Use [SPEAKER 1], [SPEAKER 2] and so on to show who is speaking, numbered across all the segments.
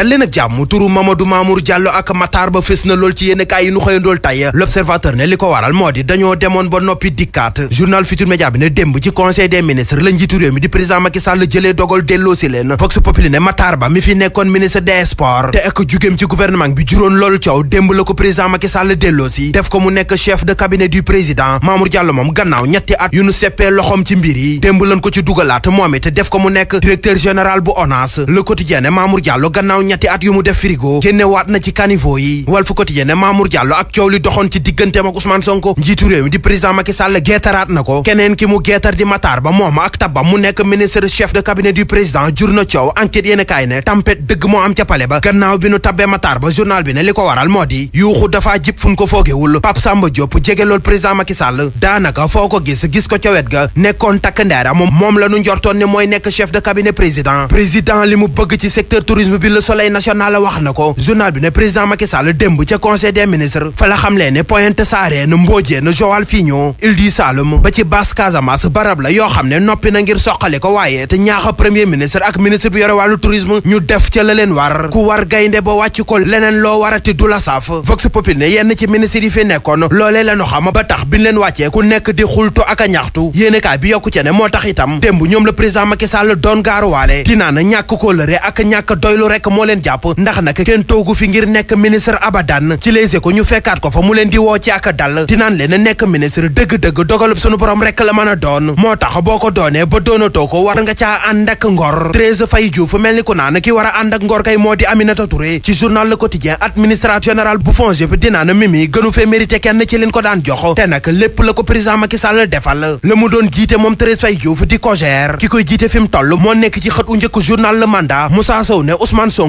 [SPEAKER 1] dallee nag jàmm turu Mamadou Mamour Diallo ak Matar Ba fés na lool ci yéen kaay yi nu xëyandool tey l'observateur ne li ko waral moo di dañoo demoon ba noppi dikkaat journal Futur Média bi ne démb ci conseil des ministres la njiitu réew mi di président Macky Sall jëlee dogal delloo si leen Vox Populi ne Matar Ba mi fi nekkoon ministre des sports te ak jugéem ci gouvernement bi juróon loolu coow démb la ko président Macky Sall delloo si def ko mu nekk chef de cabinet du président Mamour Diallo moom gannaaw ñetti at yu nu seppee loxoom ci mbir yi démb lañ ko ci dugalaat moom it def ko mu nekk directeur général bu ONAS le quotidien ne Mamour Diallo ginnaaw ñetti at yu mu def frigo génnewaat na ci caniveau yi Walf Quotidien ne Mamour Diallo ak coow li doxoon ci digganteem ak Ousmane Sonko njiitu di président Macky Sall na ko keneen ki mu geetar di Matar Ba moom ak tabba mu nekk ministre chef de cabinet du président jur na coow enquête yéen a kaay ne tempête dëgg moo am ca pale ba gannaaw bi nu tabbee Matar Ba journal bi ne li ko waral moo di yuuxu dafa jib fu ko foogewul Pape Samba Diop jege lool président soleil national wax na ko journal bi ne président Macky Sall démb ca conseil des ministres fa la xamle ne Pointe Sarène Mbodiène Joal Fignon Île du Saloum ba ci Basse Casamance barab la yoo xam ne noppi na ngir soqale ko waaye te ñaax premier ministre ak ministre bi yore wàllu tourisme ñu def ca la leen war ku war gaynde ba wàcc ko leneen loo warati du la saaf Vox Populi ne yenn ci ministre yi fi nekkoon loolee la ñu ba tax biñ leen wàccee ku nekk a ñaxtu moo leen jàpp ndax nag kenn toogu fi ngir nekk ministre abadan ci les échos ñu fekkaat ko fa mu leen di woo ak dal dinaan leen nekk ministre dëgg-dëgg dogalub sunu borom rek la mën a doon moo tax boo ko doonee ba doonatoo ko war nga caa ànd ak ngor Thérèse Faye Diouf mel ni ku naan ki war a ak ngor kay moo di Aminata Touré ci journal Le Quotidien administrateur général bu FONGIP dinaan Mimi gënu fee mérité kenn ci leen ko daan jox te nag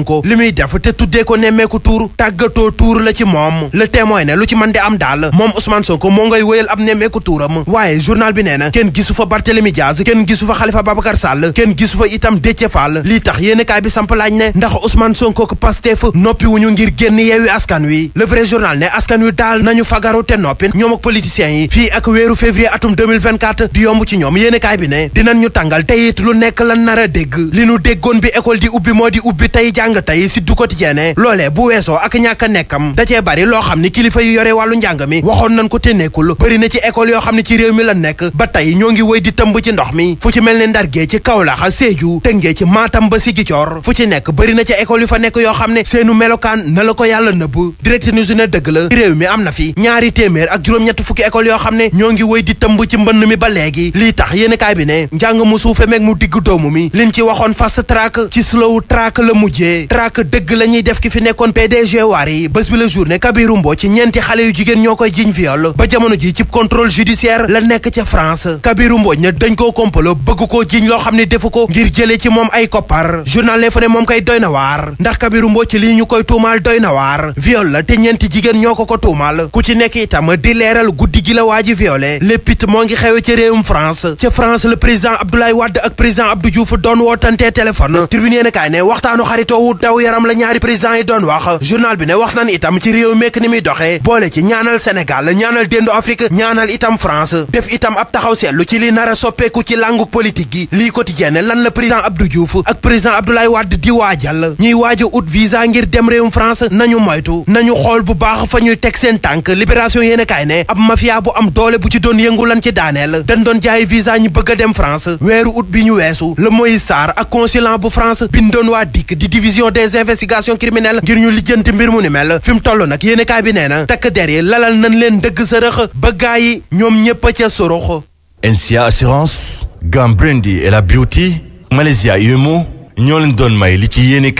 [SPEAKER 1] Sonko li muy def te tuddee ko nemmeeku tuur tàggatoo tuur la ci moom le témoin ne lu ci mën di am daal moom Ousmane Sonko moo ngay wéyal ab nemmeeku tuuram waaye journal bi nee na kenn gisu fa Barthélémy Diaz kenn gisu fa Khalifa Babacar Sall kenn gisu fa itam Déthié Fall lii tax yéenekaay bi samp ne ndax Ousmane Sonko ko Pastef noppi wuñu ngir génn yeewi askan wi le journal ne askan wi daal nañu fagaru noppi ñoom ak politiciens yi fii ak weeru a jàng tey si du quotidien ne loolee bu weesoo ak ñàkk a nekkam da cee bari loo xam ni kilifa yu yore wàllu njàng mi waxoon nañ ko te nekkul bëri na ci école yoo xam ne ci réew mi la nekk ba tey ñoo ngi wëy di tëmb ci ndox mi fu ci mel ne ndargee ci Kaolack Sédhiou Tëngéej ci Matam ba Ziguinchor fu ci nekk bëri na ci école yu fa nekk yoo xam ne seenu melokaan na la ko yàlla nëbb direct news ne dëgg la réew mi am na fi ñaari téeméer ak juróom ñetti fukki école yoo xam ne ñoo ngi wëy di tëmb ci mbënn mi ba léegi lii tax yéen kaay bi ne njàng mu suufe meeg mu digg doomu mi liñ ci waxoon fast track ci slow la mujjee yi traque dëgg la ñuy def ki fi nekkoon PDG waar yi bés bi la journée Kabirou ci ñeenti xale yu jigéen ñoo koy jiñ viol ba jamono ji cib contrôle judiciaire la nekk ca France Kabirou Mbodj ne dañ koo kompalo bëgg koo jiñ loo xam ne defu ko ngir jëlee ci moom ay koppar journal Le fa ne moom kay doy na waar ndax Kabirou Mbodj ci lii ñu koy tuumaal doy na waar viol la te ñeenti jigéen ñoo ko ko tuumaal ku ci nekk itam di leeral guddi gi la waa ji violé lépp it moo ngi xewe ci réewum France ca France le président Abdoulaye bu daw yaram la ñaari président yi doon wax journal bi ne wax nan itam ci réew mekk ni muy doxee boole ci ñaanal Sénégal ñaanal déndu Afrique ñaanal itam France def itam ab taxaw seetlu ci li nar a soppeeku ci langu politique gi lii quotidien lan la président Abdou Diouf ak président Abdoulaye Wade di waajal ñuy waaja ut visa ngir dem réewum France nañu moytu nañu xool bu baax fa ñuy teg seen tànk libération yéen kaay ne ab mafia bu am doole bu ci doon a division des investigations criminelles ngir ñu lijjanti mbir mu ni mel fi mu toll nag yéen kaay bi nee na takk der yi lalal nañ leen dëgg sërëx ba gaa yi ñoom ñëpp a ca sorux NCA assurance Gam Brandy
[SPEAKER 2] la beauty Malaysia Yumo ñoo leen doon may li ci yéen yi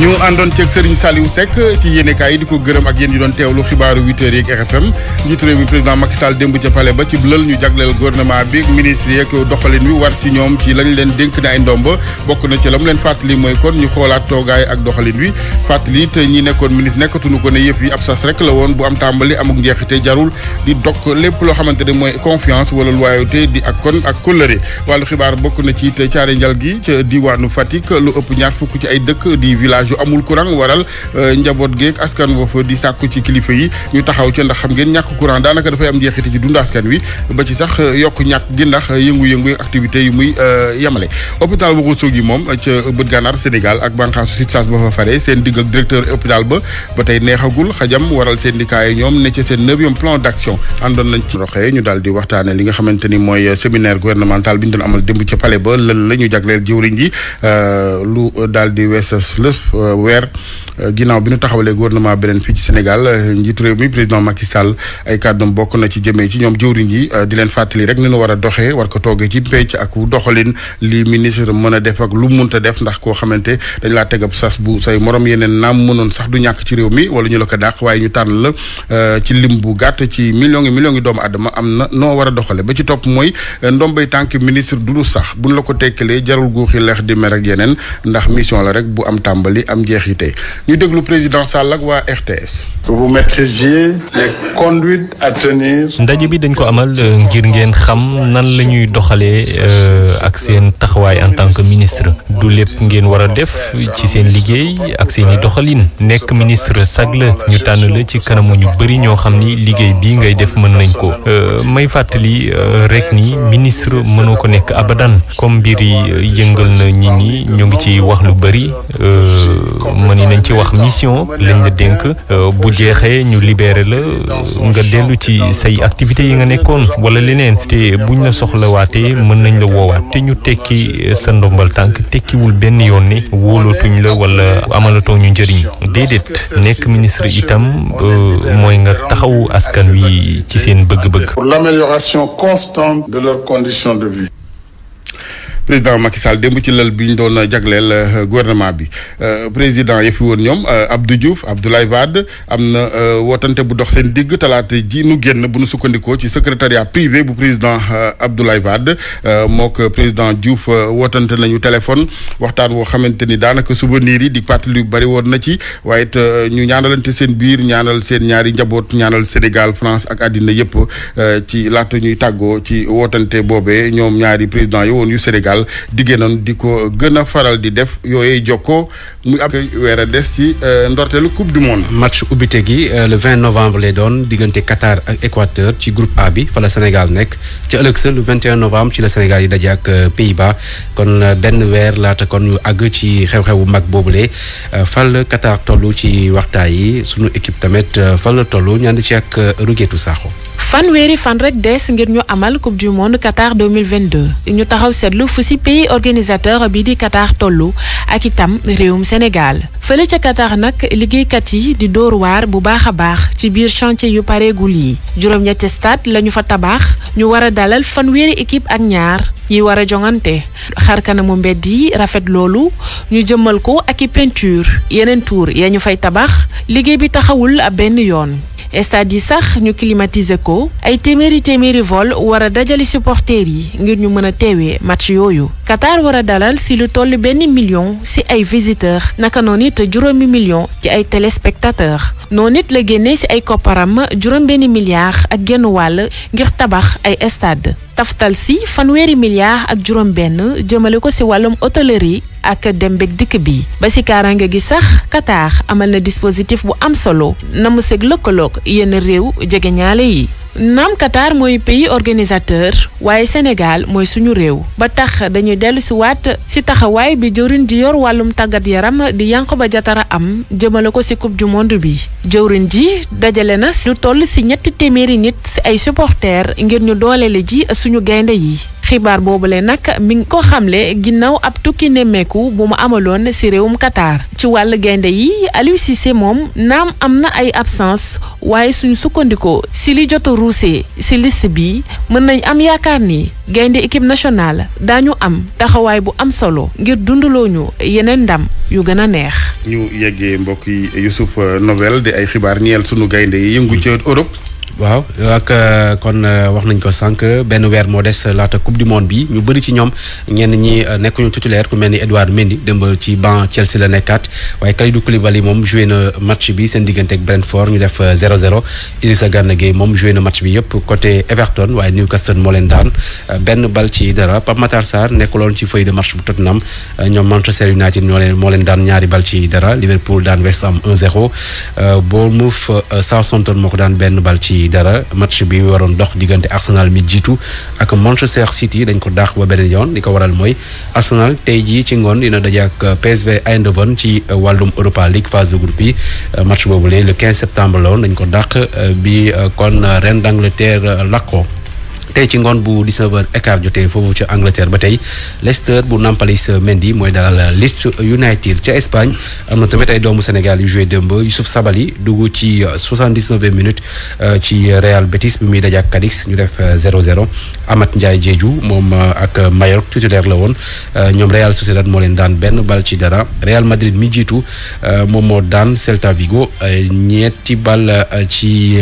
[SPEAKER 2] ñu àndoon ceeg Serigne Saliou sekk ci yéenekaay yi di ko gërëm ak yéen yi doon teewlu xibaaru 8h yeeg RFM njiitu réew mi président Macky Sall démb ca palais ba ci lël ñu jagleel gouvernement bi ministre yeeg doxalin wi war ci ñoom ci lañ leen dénk na ay ndomba bokk na ci la mu leen fàttali mooy kon ñu xoolaat toogaay ak doxalin wi fàttali te ñi nekkoon ministre nekkatuñu ko ne yëpp yi ab sas rek la woon bu am tàmbali amuk njeexite jarul di dok lépp loo xamante ne mooy confiance wala loyauté di ak kon ak kóllëre wàllu xibaar bokk na ci it caare njal gi ca diwaanu Fatick lu ëpp ñaar fukk ci ay dëkk yu amul courant waral euh, njaboot geeg askan woo fa di sàkku ci kilifa yi ñu taxaw ci ndax xam ngeen ñàkk courant daanaka dafay am jeexiti ci dund askan wi ba ci sax euh, yokk ñàkk gi ndax yëngu-yëngu activité yi muy euh, yemale hôpital bu Ourossogui yi moom ca bët gànnaar Sénégal ak bànqaasu SUTSAS ba fa fare seen digg ak directeur hôpital ba ba tey neexagul xajam waral syndicat yi ñoom ne ci seen neuvième plan d'action àndoon nañ ci roxee ñu daal di waxtaane li nga xamante ni mooy séminaire gouvernemental bi ñu doon amal démb ca palais ba lël la ñu jagleel jiwriñ ji lu daal di weesas lëf Euh, weer euh, ginnaaw bi ñu taxawalee gouvernement beneen fii ci Sénégal euh, njiitu réew mi président Macky Sall ay kàddoom bokk na ci jëmee ci ñoom jëwriñ ji di leen fàttali rek ni ñu war a doxee war ko toog ci pénc ak doxalin li ministre mën a def ak lu munta def ndax koo xamante dañ laa tegab sas bu say morom yeneen naam mënoon sax du ñàkk ci réew mi wala ñu la ko dàq waaye ñu tànn la ci lim bu gàtt ci millions yi millions yi doomu adama am na noo war a doxale ba ci topp mooy ndombay tànk ministre du lu sax bu buñ la ko tekkalee jarul guuxi leex di mer ak yeneen ndax mission la rek bu am tàmbali di am jeexite ñu déglu président Sall waa RTS. pour vous maîtriser les ndaje bi dañ ko amal euh, ngir ngeen xam nan la ñuy doxalee euh, ak seen taxawaay en tant que ministre du lépp ngeen war a def ci seen liggéey ak seen i doxalin nekk ministre sag la ñu tànn la ci kanamu ñu bëri ñoo xam ni liggéey bii ngay def mën nañ ko euh, may fàttali rek ni ministre mënoo ko nekk abadan comme mbir yëngal na nit ñi ñu ngi ci wax lu bëri. Euh, mën nañ ci wax mission lañ la dénk euh, bu jeexee ñu libeere la euh, nga dellu ci say activités yi nga nekkoon wala leneen te buñ la soxlawaatee mën nañ la woowaat te ñu tekki sa ndombal tànk tekkiwul benn yoon ni wóolootuñ la wala amalatoo ñu njëriñ déedéet nekk ministre itam mooy nga taxawu askan wi ci seen bëgg-bëgg. président Macky Sall démb ci lal bi ñu doon jagleel euh, gouvernement bi euh, président yi fi woon ñoom euh, Abdou Diouf Abdoulaye Wade am na wootante bu dox seen digg talaata ji nu génn bu nu sukkandikoo ci secrétariat privé bu président Abdoulaye Wade mook président Diouf wootante nañu téléphone waxtaan woo xamante ni daanaka souvenirs yi di fàttali yu bëri woon na ci waaye it ñu ñaanalante seen biir ñaanal seen ñaari njaboot ñaanal Sénégal France ak àddina yëpp ci laata ñuy tàggoo ci wootante boobee ñoom ñaari président yi woon yu Sénégal. Sénégal diggée noonu di ko gën a faral di def yooyu jokkoo muy ab weer a des ci euh, ndorteelu coupe du monde.
[SPEAKER 3] match ubbite gi euh, le 20 novembre lay doon diggante Qatar ak Équateur ci groupe A bi fa Sénégal nekk ci ëllëg sa le 21 novembre ci la Sénégal yi daje ak euh, Pays-Bas kon benn weer laata kon ñu àgg ci xew-xewu mag boobu boobule fal Qatar toll ci waxtaan yi suñu équipe tamit fal toll ñaandi ci ak Rougetou Sakho.
[SPEAKER 4] fanweeri fan rek des ngir ñu amal coupe du monde Qatar 2022 ñu taxaw seetlu fu ci pays organisateur bii di Qatar tollu ak itam réewum Sénégal fële ca Qatar nag liggéeykat yi di dóor waar bu baax a baax ci biir chantier yu pareegul yi juróom-ñetti stade la ñu fa tabax ñu war a dalal fanweeri équipe ak ñaar yi war a jongante xar kanamu mbedd yi rafet loolu ñu jëmmal ko ak i peinture yeneen tour ya ñu fay tabax liggéey bi taxawul benn yoon. stade yi sax ñu climatiser ko ay téeméeri téeméeri vol war a dajali supporters yi ngir ñu mën a teewee match yooyu Qatar war a dalal si lu toll benn million si ay visiteurs naka noon it juróomi million ci ay téléspectateurs noonu it la génnee si ay kopparam juróom benn milliard ak genn wàll ngir tabax ay stade taftal si fanweeri milliards ak juróom-benn jëmale ko si wàllum hôtellerie ak dem beeg dikk bi ba si kaaraange gi sax kataax amal na dispositif bu am solo na mu seeg lëkkaloog yenn réew jege ñaale yi. naam Qatar mooy pays organisateur waaye Sénégal mooy suñu réew ba tax dañuy dellu si waat si taxawaay bi jëwrin ji yor wàllum tàggat yaram di ba Yankhoba a am jëmale ko si coupe du monde bi jëwrin ji dajale na lu toll si ñetti téeméeri nit si ay supporters ngir ñu dooleele ji suñu gaynde yi xibaar boobule nag mi nga ko xamle ginnaaw ab tukki nemmeeku bu mu amaloon si réewum Qatar ci wàll gaynde yi Aliou Cissé moom naam am na ay absence waaye suñ sukkandiku si li jotu a ruusee si liste bi mën nañ am yaakaar ni gaynde équipe nationale daañu am taxawaay bu am solo ngir dundaloo ñu yeneen ndam yu gën a neex.
[SPEAKER 2] ñu yeggee mbokk yi Youssouf Novel di ay xibaar ñeel sunu gaynde yi yëngu ci Europe. waaw ak euh, kon euh, wax nañ ko sànq benn weer moo des
[SPEAKER 3] laata coupe du monde bi ñu bëri ci ñoom ñenn ñi euh, nekkuñu titulaire ku mel ni Edouard Mendy démb ci banc Chelsea la nekkaat waaye Kalidou Koulibaly moom joué na match bi seen diggante ak Brentford ñu def 0-0 Idrissa Gana Gueye moom joué na match bi yëpp côté Everton waaye Newcastle moo leen daan benn bal ci dara Pape Matar Sarr nekkuloon ci feuille de match bu Tottenham ñoom Manchester United ñoo leen moo leen daan ñaari bal ci dara Liverpool daan West Ham 1-0 Bournemouth Southampton benn bal ci. dara match bi waroon dox diggante Arsenal mi jiitu ak Manchester City dañ ko daax ba beneen yoon di ko waral mooy Arsenal tey jii ci ngoon dina daje ak PSV Eindhoven ci euh, wàllum Europa League phase de groupe euh, match boobu le 15 septembre la woon dañ ko dàq euh, bi kon ren d'Angleterre làkk ko tey ci ngoon bu 19h écart jotee foofu ca Angleterre ba tey Leicester bu Nampalys Mendy mooy dalal Leeds United ca Espagne am na tamit ay doomu Sénégal yu joué démb Sabali dugg ci 79e euh, ci Real Betis bi muy daje Cadix ñu def 0-0 euh, amat Ndiaye jeeju moom euh, ak Mayork titulaire la woon ñoom Real Sociedad moo leen daan benn bal ci dara Real Madrid mi jiitu moom moo daan Celta Vigo ñetti bal ci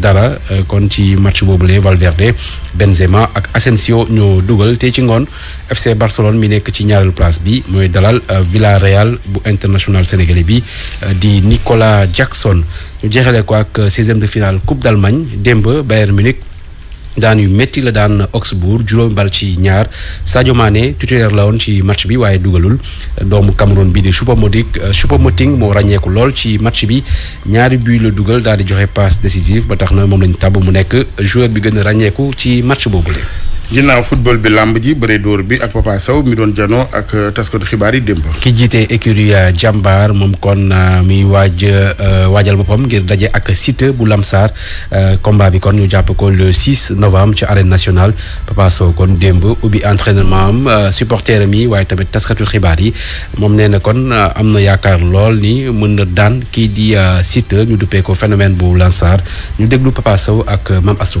[SPEAKER 3] dara kon ci match boobule Valverde. Benzema ak Asensio ñoo dugal tey ci ngoon FC Barcelone mi nekk ci ñaareelu place bi mooy dalal villa euh, Villarreal bu international sénégalais bi euh, di Nicolas Jackson ñu jeexalee ko ak 16 euh, de finale Coupe d'Allemagne démb Bayern Munich. daan yu métti la daan Augsbourg juróomi bal ci ñaar Sadio Mané titulaire la woon ci match bi waaye dugalul doomu Cameroun bi di Choupo-Moting euh, Choupo-Moting moo ràññeeku lool ci match bi ñaari but la dugal daal di joxe passe décisive ba tax na moom lañ tàbb mu nekk joueur bi gën a ràññeeku ci match boobule.
[SPEAKER 2] ginnaaw football bi làmb ji bëre door bi ak Papa Sow mi doon janoo ak euh, taskatu xibaar yi démb. ki jiite
[SPEAKER 3] écurie euh, jàmbaar moom kon euh, mi waaj waajal boppam ngir daje ak Siteu bu Lamsar combat bi kon ñu jàpp ko le 6 ci arène nationale Papa Sow kon démb ubbi entraînement am supporter mi waaye tamit taskatu xibaar yi moom nee na kon am na yaakaar lool ni mën na daan kii di Siteu ñu duppee ko phénomène bu Lamsar ñu déglu Papa Sow ak Mame Astou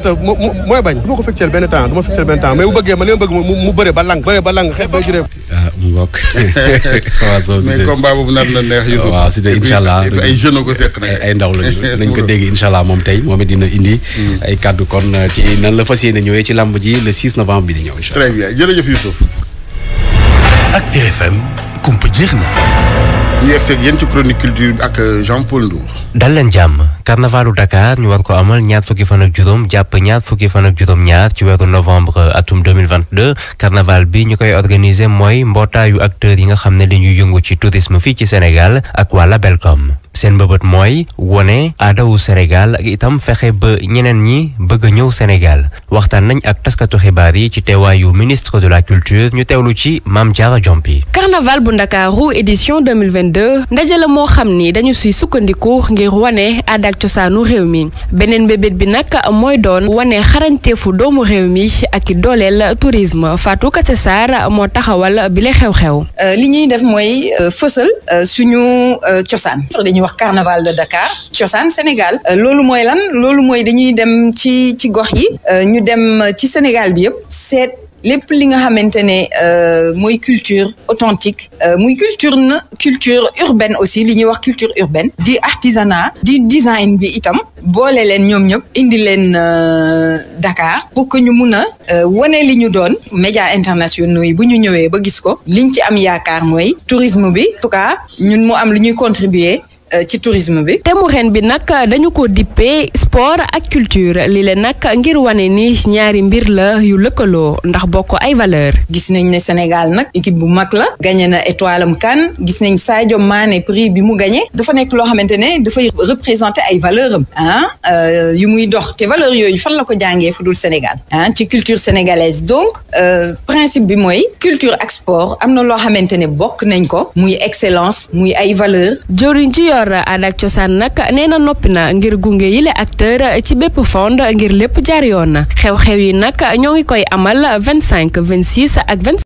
[SPEAKER 1] Siteu mooy bañ. du ma ko fixeel benn temps du ma fixeel benn temps mais bu bëggee man li bëgg mu bëre ba lang bëre ba lang xeex ba juree. ah
[SPEAKER 2] mbokk. waaw soo mais combat boobu nar na neex Youssouf. waaw Siteu allah ay jeunes ko seq nag. ndaw lañu nañ ko
[SPEAKER 3] dégg incha allah moom tey moom dina indi. Mm. ay kàddu kon euh, ci la fas yéene ñëwee ci làmb ji le 6
[SPEAKER 2] novembre bi di ñëw incha allah. très bien jërëjëf Youssouf. ak RFM
[SPEAKER 1] kumpa jeex
[SPEAKER 3] na.
[SPEAKER 2] ñu yegg seeg yéen ci chronique culture ak euh, Jean Paul Ndour.
[SPEAKER 3] dal leen jàmm. carnavalu Dakar ñu war ko amal ñaar fukki fan ak juróom jàpp ñaar fukki fan ak juróom-ñaar ci weeru novembre atum 2022 carnaval bi ñu koy organiser mooy mbootaayu acteurs yi nga xam ne dañuy yëngu ci tourisme fii ci Sénégal ak waa Labelcom seen mbëbët mooy wone aadawu Sénégal itam fexe ba ñeneen ñi bëgg a ñëw Sénégal waxtaan nañ ak taskatu xibaar yi ci teewaayu ministre de la culture ñu teewlu ci Mame Diarra Diompi.
[SPEAKER 4] carnaval bu Ndakaaru édition 2022 ndaje la moo xam ni dañu siy sukkandiku ngir wone aada cosaanu réew mi beneen mbébét bi nag mooy doon wane xarañteefu doomu réew mi ak i dooleel tourisme Fatou Kassé Sarr moo taxawal bile xew-xew. Euh, li ñuy def mooy euh, fësal euh, suñu cosaan. dañuy wax carnaval de Dakar cosaan Sénégal loolu mooy lan loolu mooy dañuy dem ci ci gox yi ñu dem ci Sénégal bi yëpp seet. lépp li nga xamante ne euh, mooy culture authentique euh, muy culture na culture urbaine aussi li ñuy wax culture urbaine di artisanat di design bi itam boole leen ñoom ñëpp indi leen euh, Dakar pour que ñu mun a wane li ñu doon média internationaux yi bu ñu ñëwee ba gis ko liñ ci am yaakaar mooy tourisme bi en tout cas ñun mu am li ñuy contribuer Euh, ci tourisme bi. thème ren bi nag euh, dañu ko dippee sport ak culture li leen nag ngir wane ni ñaari mbir la yu lëkkaloo ndax bokk ay valeur gis nañ ne Sénégal nag équipe bu mag la gagné na étoile am kan gis nañ Sadio Mané prix bi mu gagné dafa nekk loo xamante ne dafay représenter ay am ah euh, yu muy dox te valeur yooyu fan la ko jàngee fu dul Sénégal ah ci culture sénégalaise donc principe bi mooy culture ak sport am na loo xamante ne bokk nañ ko muy excellence muy ay valeur jëriñ ci yor aada ak cosaan nag nee na noppi ngir gunge yile acteur ci bépp fond ngir lépp jaar yoon na xew-xew yi nag ñoo ngi koy amal vingt cinq vingt six ak vingt